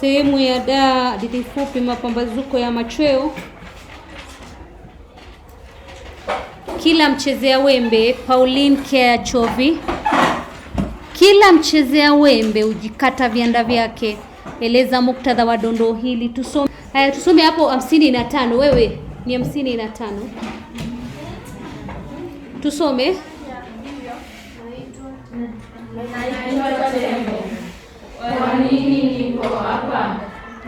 Sehemu ya da hadithi fupi, mapambazuko ya machweo. Kila mchezea wembe, Pauline Chovi. Kila mchezea wembe hujikata vianda vyake. Eleza muktadha wa dondoo hili. Tusome haya, tusome hapo hamsini na tano. Wewe ni hamsini na tano, tusome Kwa nini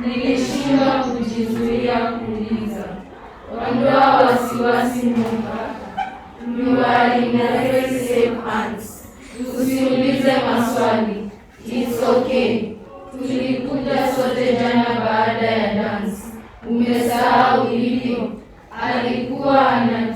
nilishindwa kujizuia kuuliza. Ondoa wasiwasi Mungu, you are in hands. Usiulize maswali, it's okay. Tulikuja sote jana baada ya dansi. Umesahau hivyo, alikuwa ana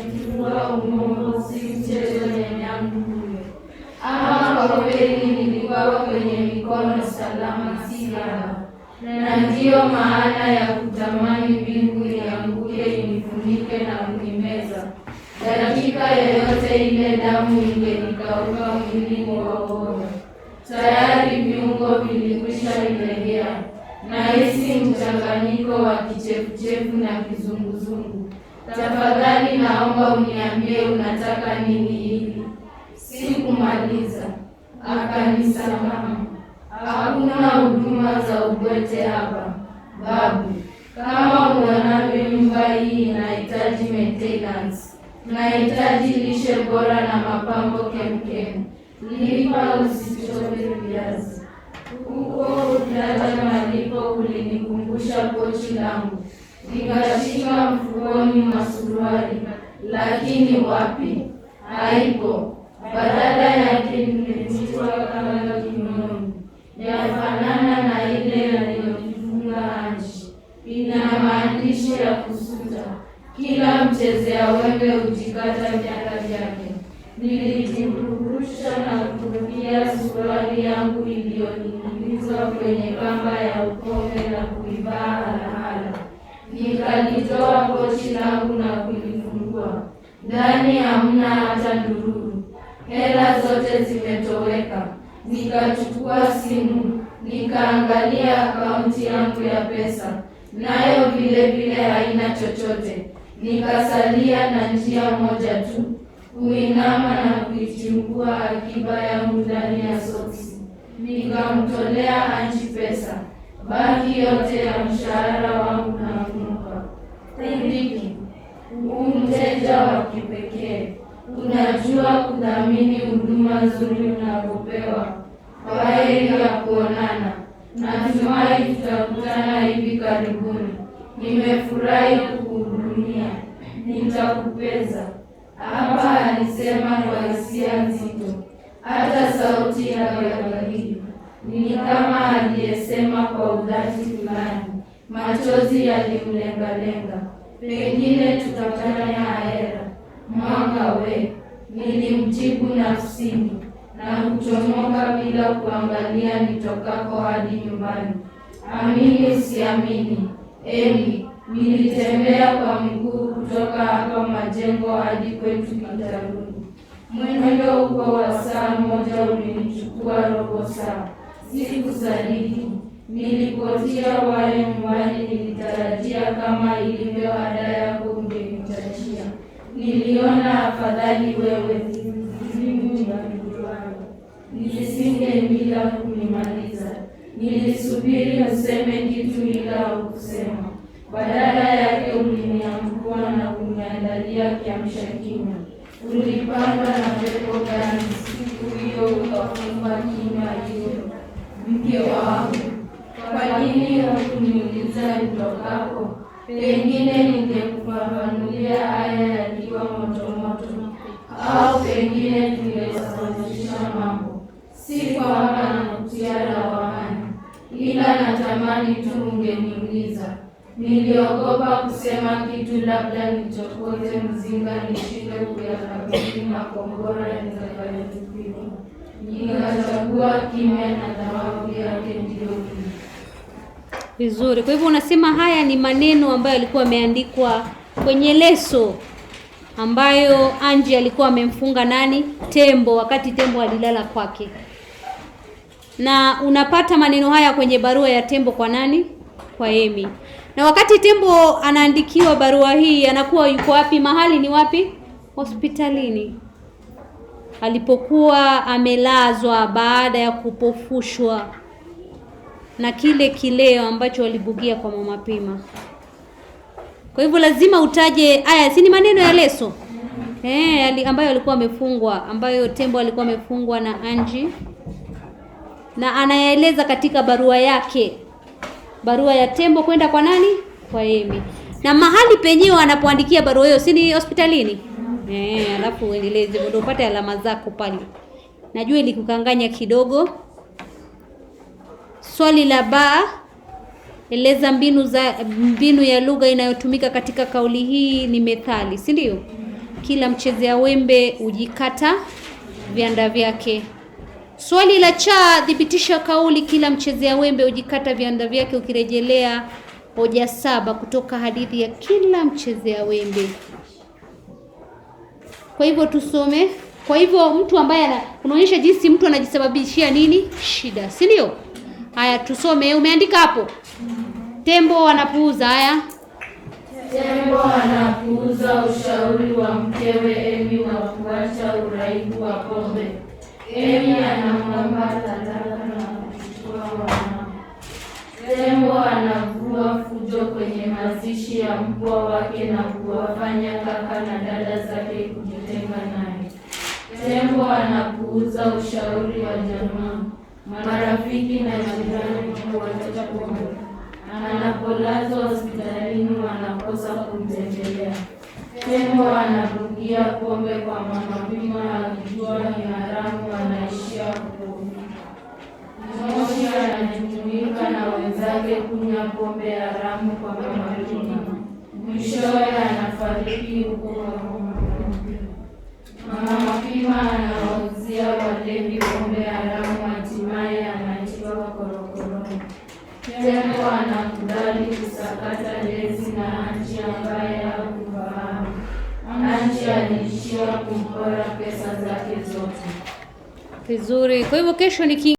na ndiyo maana ya kutamani mbingu ianguke inifunike na kunimeza. Dakika yoyote ile damu ingenikauka mwilini mwangu. Tayari viungo vilikwisha na nahisi mchanganyiko wa kichefuchefu na kizunguzungu. Tafadhali naomba uniambie unataka nini, ili sikumaliza. Akanisamaha hakuna huduma za ubwete hapa. Babu, kama mwanavyo, nyumba hii inahitaji maintenance nahitaji lishe bora na mapambo kemkem Nilipa usichoke viazi huko ulala. Malipo ulinikumbusha pochi langu, nikashika mfukoni mwa suruali, lakini wapi, haipo. Badala yake nimetitwa kama maandishi ya kusuta, kila mchezea wembe hujikata vyaka vyake. Nilijirusha na kurudia suruali yangu iliyoning'inizwa kwenye kamba ya ukome na kuivaa halahala. Nikalitoa pochi langu na kulifungua, ndani hamna hata ndururu, hela zote zimetoweka. Nikachukua simu, nikaangalia akaunti yangu ya pesa nayo vile vile haina chochote. Nikasalia na njia moja tu, kuinama na kuichimbua akiba yangu ndani ya soksi, nikamtolea anchi pesa, baki yote ya mshahara wangu namnuka Riki, huu mteja wa kipekee, unajua kudhamini huduma nzuri unapopewa. heri ya kuonana natumai tutakutana hivi karibuni. Nimefurahi kukuhudumia, nitakupeza. Hapa alisema kwa hisia nzito, hata sauti yake ya baridi ni kama aliyesema kwa udhati fulani. Machozi yalimlengalenga. Pengine tutakutana ahera mwaka we, nilimjibu nafsini na kuchomoka bila kuangalia nitokako hadi nyumbani. Amini siamini, Eli, nilitembea kwa miguu kutoka hapa majengo hadi kwetu kitaruni. Mwendo huko wa saa moja ulinichukua robo saa. Sikusadiki. Nilipotia wale nyumbani, nilitarajia kama ilivyo ada yako ungenitajia. Niliona afadhali wewe nilisingempila kunimaliza. Nilisubiri useme kitu, ila ukusema. Badala yake uliniamkua na kuniandalia kiamsha kinywa. Ulipandwa na pepo gani siku hiyo, ukafumba kinywa hiyo? Mke wangu, kwa nini hukuniuliza nitokako? Pengine ningekufafanulia haya yakiwa motomoto, au pengine si kwa na utiara wa wahani, ila natamani tu ungeniuliza. Niliogopa kusema kitu, labda nichokoze mzinga nishinde kuyakabili makombora nitakayotupiwa. Nikachagua kimya na thawabu yake ndiyo vizuri. Kwa hivyo unasema haya ni maneno ambayo yalikuwa yameandikwa kwenye leso ambayo Anji alikuwa amemfunga nani tembo, wakati tembo alilala kwake na unapata maneno haya kwenye barua ya Tembo kwa nani? Kwa Emi. Na wakati Tembo anaandikiwa barua hii anakuwa yuko wapi? Mahali ni wapi? Hospitalini alipokuwa amelazwa baada ya kupofushwa na kile kileo ambacho walibugia kwa Mama Pima. Kwa hivyo lazima utaje aya, si ni maneno ya Leso eh, ambayo alikuwa amefungwa, ambayo Tembo alikuwa amefungwa na Anji na anayaeleza katika barua yake, barua ya tembo kwenda kwa nani? Kwa Emi. Na mahali penyewe anapoandikia barua hiyo si ni hospitalini? Eh, alafu uendeleze ndio upate alama zako pale. Najua ilikukanganya kidogo. Swali la ba, eleza mbinu za mbinu ya lugha inayotumika katika kauli hii. Ni methali, si ndio? Kila mchezea wembe hujikata vianda vyake. Swali la cha thibitisha kauli kila mchezea wembe hujikata vianda vyake, ukirejelea hoja saba kutoka hadithi ya kila mchezea wembe. Kwa hivyo tusome. Kwa hivyo mtu ambaye unaonyesha jinsi mtu anajisababishia nini shida, si ndio? Haya, tusome. Umeandika hapo, tembo anapuuza. Haya, tembo anapuuza ushauri wa mkewe Emi wa kuacha uraibu wa pombe Eli anaomba talaka na kuchukua wana. Tembo anavua fujo kwenye mazishi ya mpwa wake na kuwafanya kaka na dada zake kujitenga naye. Tembo anapuuza ushauri wa jamaa, marafiki na jirani kuacha pombe. Anapolazwa hospitalini wanakosa kumtembelea. Tembo anabugia pombe kwa mamakwima, akijua ni haramu anaishia kutumika. Moshi anajumuika na wenzake kunywa pombe haramu kwa mamakwima, mwishowe anafariki huko. Mamakwima anawauzia walevi pombe haramu, hatimaye anaishia korokoroni. Tembo anakubali kusakata lezi na kumpora pesa zake zote. Vizuri. Kwa hivyo kesho ni